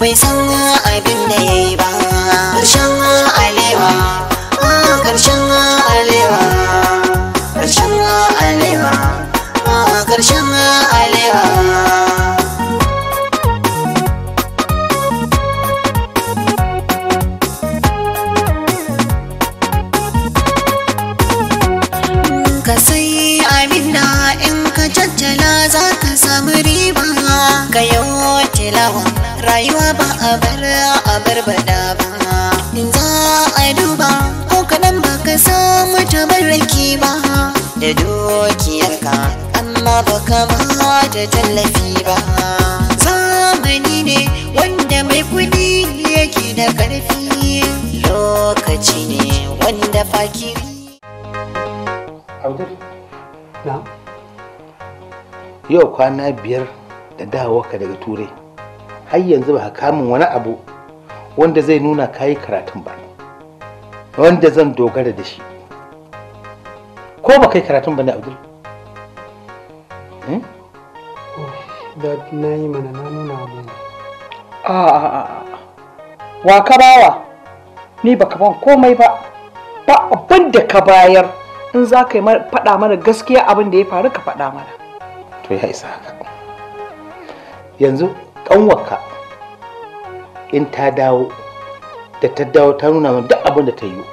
bai san abin da ya yi ba ƙarshen alewa ƙarshen alewa ƙarshen alewa ƙarshen alewa ka sai amina in ka jajjala za ka samu riba ka rayuwa ba a bar a bar bada ba in za a duba ko kaɗan ba ka samu tabarraki ba da dukiyarka amma ba ka ba da tallafi ba zamani ne wanda mai kudi yake da ƙarfi lokaci ne wanda fakiri yau kwana biyar da dawaka daga turai har yanzu ba kamun wani abu wanda zai nuna kayi karatun ba wanda zan dogara da shi ko ba kai karatun ba ne abdul hmm? da na yi mana na nuna abu a wa ka bawa ni ba ka ban komai ba ba abin da ka bayar in za ka yi faɗa mana gaskiya abin da ya faru ka faɗa mana to ya isa haka yanzu kanwarka in ta dawo da ta dawo ta nuna min duk abin da ta yi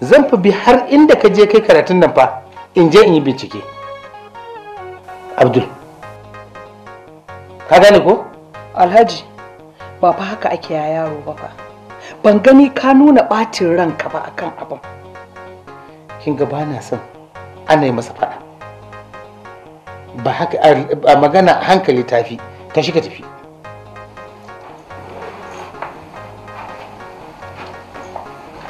zan fi bi har inda ka je kai karatun nan fa in je in yi bincike abdul ka gane ko alhaji ba fa haka ake ya yaro ba fa ban gani ka nuna ɓatin ranka ba akan abin kin ga bana son ana yi masa faɗa ba haka a magana hankali tafi tashi ka tafi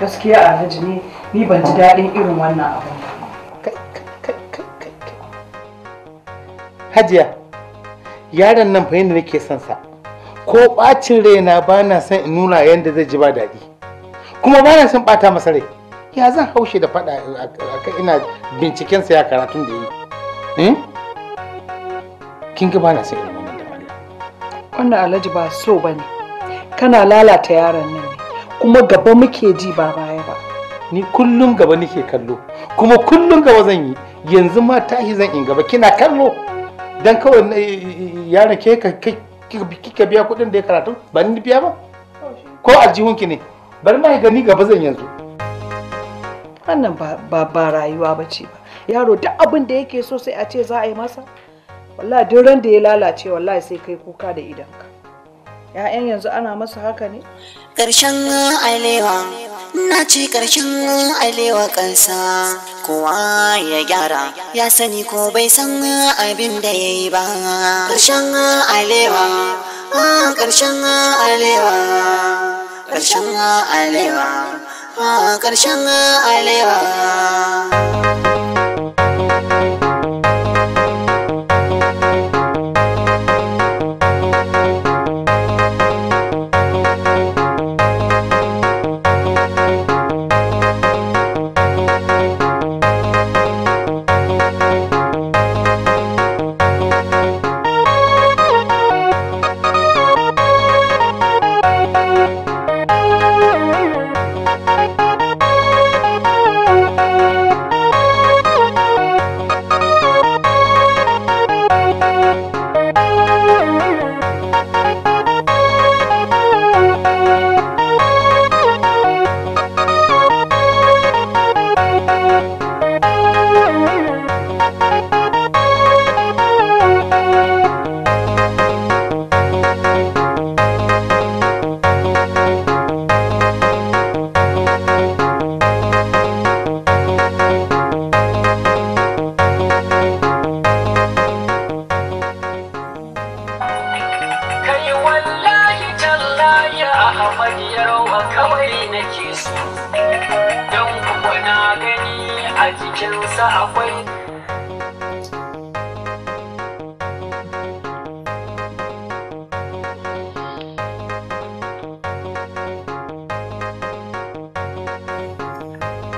gaskiya alhaji ne ni ban ji daɗin irin wannan abin hajiya yaron nan fa yadda nake son sa ko ɓacin raina ba na son in nuna yadda zai ji ba daɗi kuma ba na son ɓata masa rai ya zan haushe da faɗa a ina bincikensa ya karatun da yi hmm? kin ga ba na son irin wannan alhaji ba so ba ne kana lalata yaron nan ne kuma gaba muke ji ba baya ba ni kullum gaba nake kallo kuma kullum gaba zan yi yanzu ma tashi zan in gaba kina kallo dan kawai eh, eh, yaron ke kika biya kuɗin da ya karatu ba ni biya ba ko aljihunki ne bari ma ni gaba zan yanzu wannan ba rayuwa ba ce ba yaro duk abin da yake so sai a ce za a yi masa wallahi duk ran da ya lalace wallahi sai kai kuka da idanka ya'yan yanzu ana masa haka ne Karshen alewa na ce karshen alewa kansa kowa ya gyara ya sani ko bai san abin da ya yi ba Karshen alewa karshen alewa Karshen alewa karshen alewa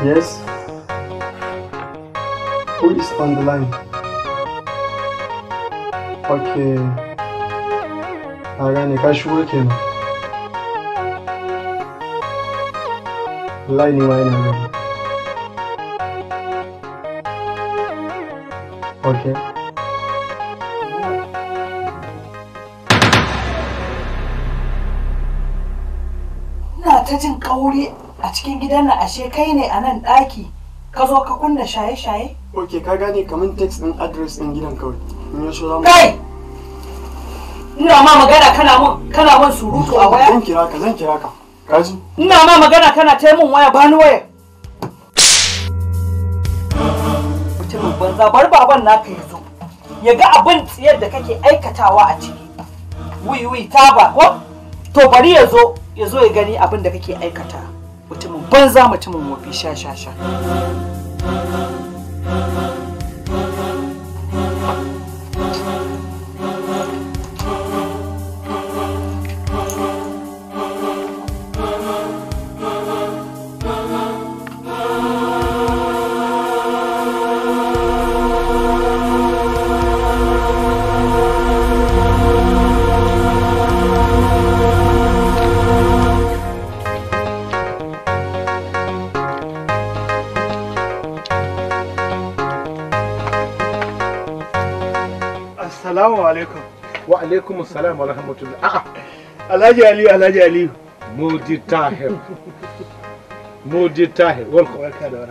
Yes? Who is on the line? Okay. A gane ka Line kenan. Wallahi Okay. Ina that's in kauri a cikin gidan nan ashe kai ne a nan ɗaki ka zo ka kunna shaye-shaye? ok ka gane kamar text ɗin address ɗin gidan kawai in ya so kai ina ma magana kana mun kana mun surutu a waya zan kira ka zan kira ka ji? ina ma magana kana ta mun waya ba ni waya mutumin banza bar baban naka ya zo ya ga abin tsiyar da kake aikatawa a ciki wiwi taba ko to bari ya zo ya zo ya gani abin da kake aikata banza mutumin mafi sha sha sha alaikum assalam wa rahmatullah a'a alhaji aliyu alhaji aliyu modi tahir modi tahir welcome barka da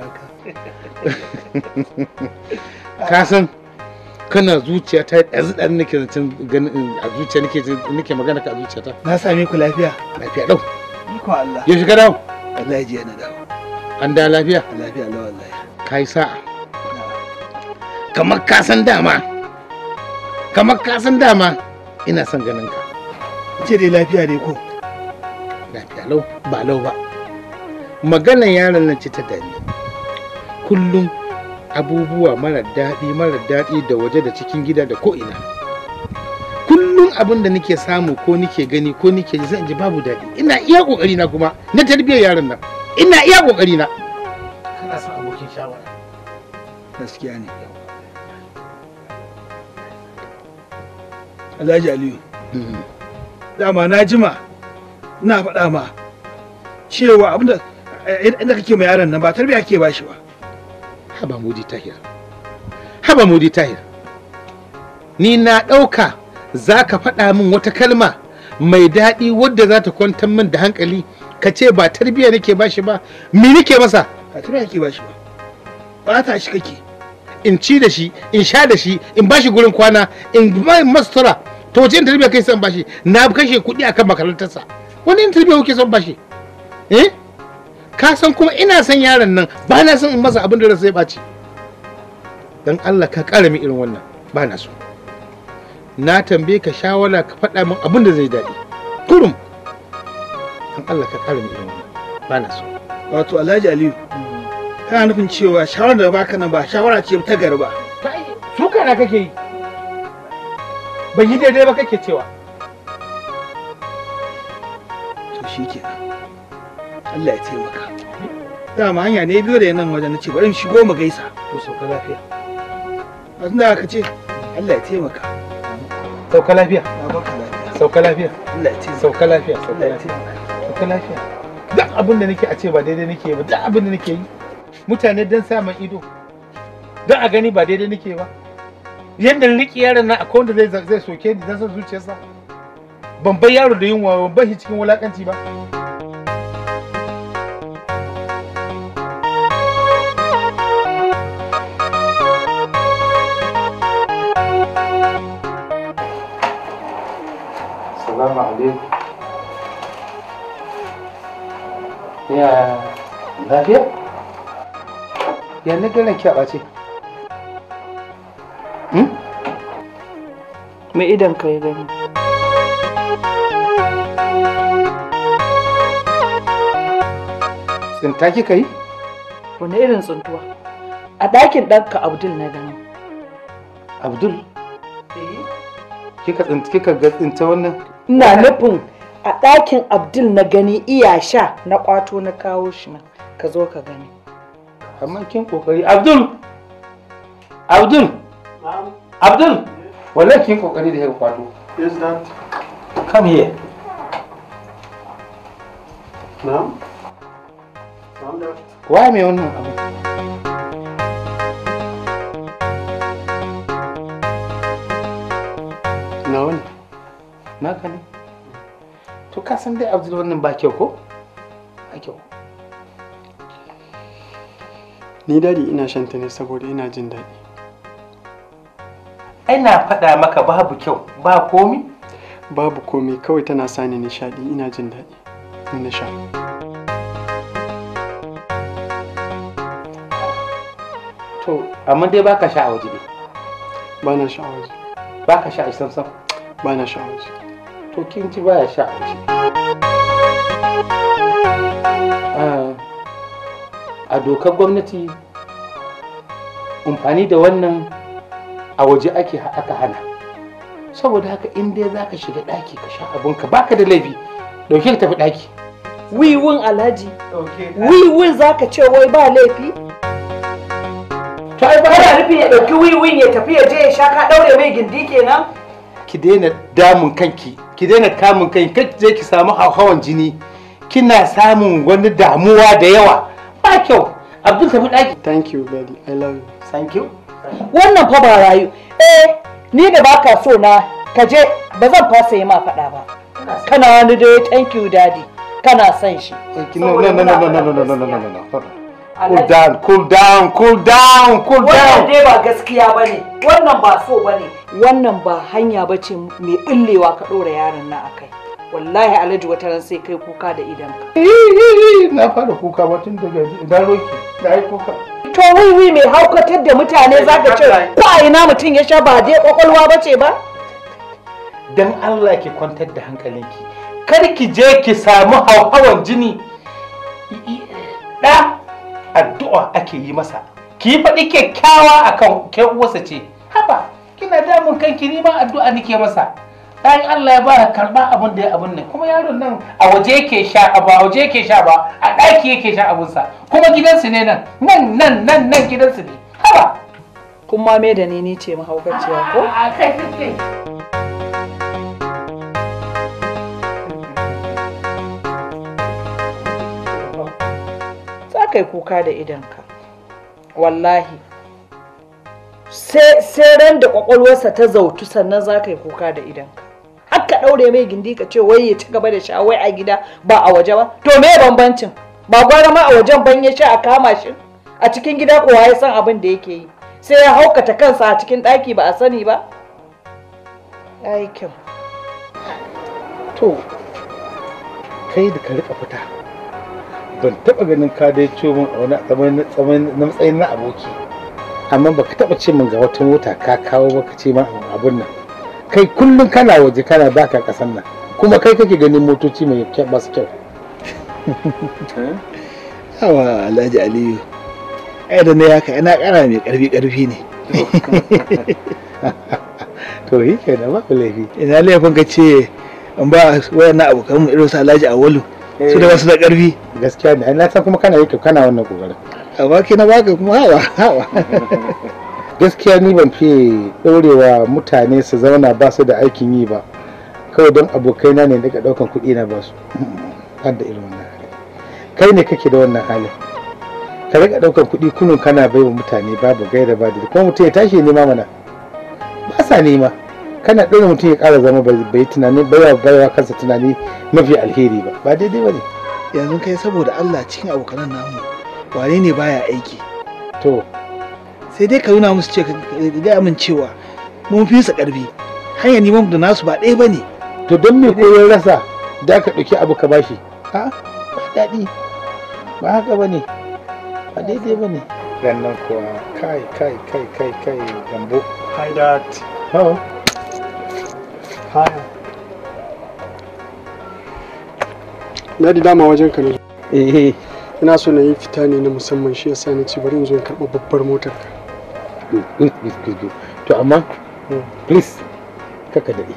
ka san kana zuciya ta yanzu ɗan nake zancen ganin a zuciya nake nake magana ka zuciya ta na same ku lafiya lafiya dau iko Allah ya shiga dawo Allah ya ji an da lafiya lafiya Allah wallahi kai sa'a kamar ka san dama ina son ganin ka ce dai lafiya ne ko lafiya lau ba lau ba maganan yaron nan ce ta dani kullum abubuwa mara daɗi mara daɗi da waje da cikin gida da ko'ina kullum abin da nake samu ko nake gani ko nake ji zan ji babu daɗi ina iya ƙoƙari na kuma na tarbiyyar yaron nan ina iya ƙoƙari na kana son abokin shawara gaskiya ne Alhaji Aliyu. Dama na jima ina faɗa ma cewa abinda eh, inda kake mai yaron nan ba tarbiya kake ba shi ba. Haba Mudi Tahir. Haba Mudi Tahir. Ni na ɗauka za ka faɗa min wata kalma mai daɗi wadda za ta kwantar min da hankali ka ce ba tarbiya nake ba shi ba me nake masa ba tarbiya kake ba shi ba ba ta shi kake in ci da shi in sha da shi in ba shi gurin kwana in mai mastura to wace interview kai son bashi na kashe kuɗi akan makarantarsa wani interview kuke son bashi eh ka san kuma ina son yaron nan ba na son in masa abin da zai bace ɓaci dan Allah ka ƙara min irin wannan ba na so na tambaye ka shawara ka faɗa min abin da zai daɗi kurum dan Allah ka ƙara min irin wannan ba na so wato Alhaji Aliyu kana nufin cewa shawara da baka nan ba shawara ce ta garba su kana kake yi bai yi daidai ba kake cewa to shi ke Allah ya taimaka dama hanya ne biyo da yanan wajen na ce bari shigo mu gaisa to sauka lafiya A tunda aka ce Allah ya taimaka sauka lafiya sauka lafiya Allah ya taimaka sauka lafiya sauka lafiya sauka lafiya duk abin da nake a ce ba daidai nake ba duk abin da nake yi mutane dan sa ido don a gani ba daidai nake ba yadda riƙe yaron nan akwai wanda zai zai soke ni dan san zuciyarsa ban bai yaro da yunwa ban bar shi cikin wulakanci ba Salamu alaikum. Ya lafiya? Ya ni garin kyaɓa ce. me idan ka yi gani tsinta kika yi wani irin tsintuwa a ɗakin ɗanka abdul na gani abdul eh. kika tsinta kika ga tsinta wannan ina nufin a ɗakin abdul na gani iya sha na ƙwato na kawo shi nan ka zo ka gani amma kin ƙoƙari, abdul abdul abdul wallahi ki kokari da irin kwato is that come here na'am why me wannan abu na wani na ka ne to ka san dai abdul wannan ba kyau ko ba kyau ni dadi ina shanta ne saboda ina jin daɗi ina faɗa maka babu kyau ba komi babu komi kawai tana sani nishaɗi ina jin daɗi na sha to amma dai baka sha a waje ne ba na sha a waje baka sha a samsam ba na sha a waje to kin ci baya sha a waje ah, a dokar gwamnati amfani da wannan a waje ake aka hana saboda haka in dai za ka shiga ɗaki ka sha abinka baka da laifi ɗauke ka tafi ɗaki wiwin alhaji wiwin za ka ce wai ba laifi to ai ba ya ya ɗauki wiwin ya tafi ya je ya sha ka ɗaure mai gindi kenan ki daina damun kanki ki daina kamun kai kai je ki samu hauhawan jini kina samun wani damuwa da yawa ba kyau abdul tafi ɗaki thank you daddy i love you thank you wannan fa ba rayu eh ni da ka so na ka je ba zan fasa yi ma faɗa ba kana wani dai thank you daddy kana son shi cool down cool down cool down cool down wannan dai ba gaskiya bane wannan ba so bane wannan ba hanya bace mai ɓullewa ka ɗora yaron na akai wallahi alhaji wata ran sai kai kuka da ka na fara kuka ba tun daga idan roki na yi kuka to wiwi mai haukatar da mutane za ka ce ko a ina mutum ya sha ba je kwakwalwa ba ce ba don allah ki kwantar da hankalinki kar ki je ki samu hauhawan jini da addu'a ake yi masa ki faɗi kyakkyawa akan kyan wasa ce haba kina damun kanki ni ma addu'a nike masa ɗan Allah ya bara karɓa abin da ya abin nan kuma yaron nan a waje yake sha ba a waje yake sha ba a ɗaki yake sha sa, kuma gidansu ne nan nan nan nan nan gidansu ne haba ma mai da ni ni ce mahaukaciya ko a kai kai kuka da idanka wallahi sai ran da kwakwalwarsa ta zautu sannan za ka yi kuka da idanka ka ɗaure mai gindi ka ce wai ya ci gaba da sha wai a gida ba a waje ba to me bambancin ba gwara ma a wajen ban ya sha a kama shi a cikin gida kowa ya san abin da yake yi sai ya haukata kansa a cikin ɗaki ba a sani ba aikin to kai da ka rika fita ban taba ganin ka dai ciwo min a wani na matsayin na aboki amma baka taba ce min ga wata mota ka kawo ba ka ce min abun nan kai kullum kana waje kana baka kasan nan kuma kai kake ganin motoci mai kyau masu kyau Awa, alhaji aliyu ai da na yaka ina kara mai karfi karfi ne to yi kai da babu laifi ina laifin ka ce an ba wayan na abokan mu irin su alhaji awalu su da wasu eh. da karfi gaskiya ne na san kuma kana yi kana wannan kokarin a ke na baka kuma hawa hawa gaskiya ni ban fiye ɗorewa mutane su zauna ba su da aikin yi ba kawai don abokaina ne daga ɗaukan kuɗi na ba su har da irin wannan hali kai ne kake da wannan hali? ka daga ɗaukan kuɗi kunun kana bai wa mutane babu gaira ba da kuma mutum ya tashi ya nema mana ba sa nema kana ɗora mutum ya ƙara zama bai tunanin baiwa baiwa kansa tunani mafi alheri ba ba daidai ba ne yanzu kai saboda Allah cikin abokanan namu wane ne baya aiki to sai dai ka nuna musu ce ga amincewa mun fi su karfi hanyar neman da nasu ba ɗaya bane to don me ko ya rasa da ka ɗauki abu ka bashi a ba daɗi ba haka bane ba daidai bane rannan kuwa kai kai kai kai kai gambo hi dad hello hi na da dama wajen ka ne eh, eh ina so na yi fita ne na musamman shi yasa na ci bari in zo in karɓa babbar motar ka to amma please kaka daɗe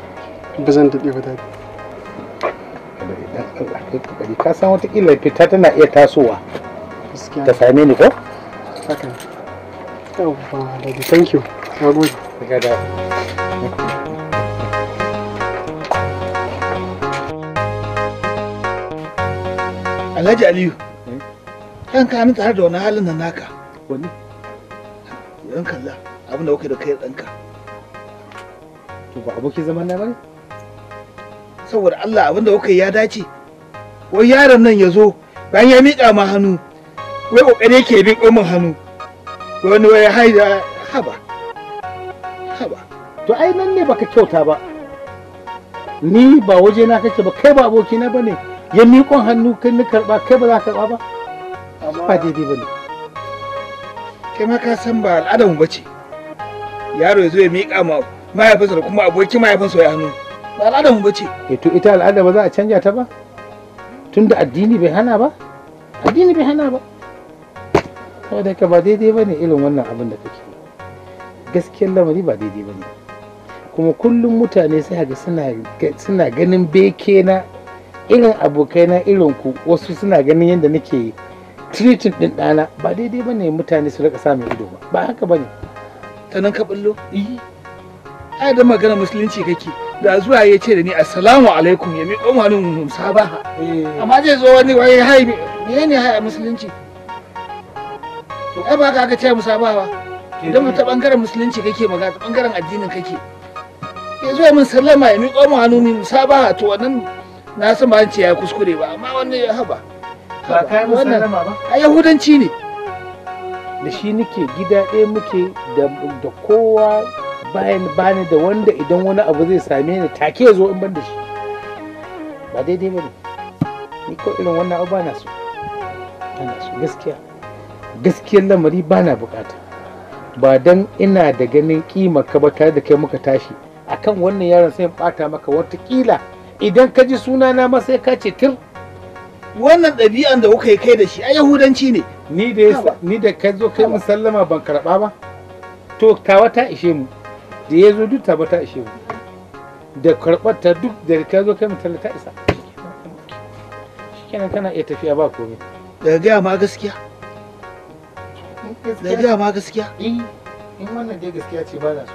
ba zan daɗe ba daɗe ka san fita tana iya tasowa ta same ni ko? thank you na gode Alhaji Aliyu, ɗan hannu tare da wani halin da naka. Wani? Ɗan kalla abin da kuka da kai danka to ba abokin zaman na bane saboda Allah abin da kuka ya dace wai yaron nan ya zo bayan ya miƙa ma hannu wai ƙoƙari yake bin ƙomin hannu wani wai haida haba haba to ai nan ne baka kyauta ba ni ba waje na kake ba kai ba abokina bane ya miƙon hannu kai ni karɓa kai ba za ka karɓa ba ba daidai bane kai ma ka san ba al'adar mu bace yaro ya zo ya miƙa ma mahaifinsa da kuma abokin mahaifinsa ya hannu ba al'adar mu bace eh to ita al'ada ba za a canja ta ba tunda addini bai hana ba addini bai hana ba saboda ka ba daidai ba ne irin wannan abin da kake gaskiyar lamari ba daidai ba ne kuma kullum mutane sai ga suna ganin beke na irin abokai na irin ku wasu suna ganin yadda nake treating din ɗana ba daidai ba ne mutane su rika samun ido ba ba haka ba ne ta nan ka ai da magana musulunci kake da zuwa ya ce da ni assalamu alaikum ya mi umarnin musabaha eh. amma zai zo wani wai hai me ne hai a musulunci to ai ba ka ce musabaha eh. idan mu ta bangaren musulunci kake magana ta bangaren addinin kake ya zo min sallama ya mi umarnin musabaha to wannan na san ba ce ya kuskure ba amma wannan ya haba ba kai musallama ba a yahudanci ne da shi nake gida ɗaya muke da kowa bayan bani da wanda idan wani abu zai same ni take zo in ban da shi ba daidai ba ne ni ko irin wannan abu bana so bana so gaskiya gaskiyar lamari bana bukata ba dan ina da ganin kima ka ba tare da kai muka tashi akan wannan yaron sai in bata maka watakila idan ka ji sunana ma sai ka ce tir wannan ɗabi'an da kuka yi kai da shi a yahudanci ne ni da ni da ka zo kai musallama ban karɓa ba to tawa ta ishe mu da ya zo duk tawa ta ishe mu da karɓar ta duk da ka zo kai musallama ta isa shikenan kana iya tafiya ba komai daga gaya ma gaskiya daga gaya ma gaskiya eh, in wannan dai gaskiya ce ba na so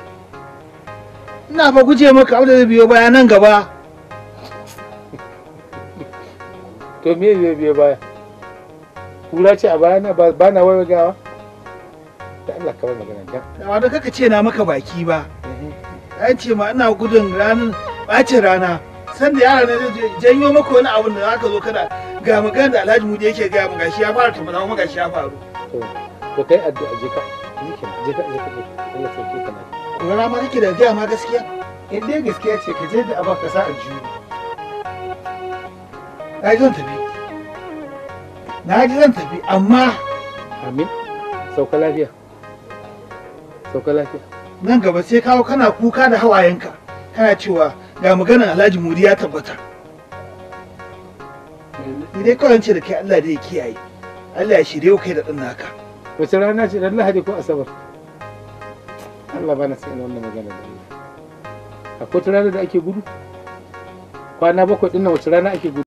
ina ba guje maka abu da zai biyo baya nan gaba to me zai biyo baya kura ce a bayana ba na gawa da Allah ka bani magana dan da wanda kaka ce na maka baki ba an ce ma ina gudun ranar bacin rana san da yaran zai janyo maka wani abu da zaka zo kana ga magana da Alhaji Mudi yake ga mu gashi ya fara tumana kuma gashi ya faru to to kai addu'a je ka je ka je ka Allah sauke ka na na ma kike da ga ma gaskiya in dai gaskiya ce ka je da abaka sa'a juri I don't zan na ji zan tafi amma amin sauka lafiya sauka lafiya nan gaba sai kawo kana kuka da hawayenka kana cewa ga maganar alhaji muri ya tabbata ni dai kawai ce da kai Allah da ya kiyaye Allah ya shirye kai da ɗan naka wace rana ce dan lahadi ko asabar Allah bana sai wannan magana da Allah akwai rana da ake gudu kwana bakwai ɗin wace rana ake gudu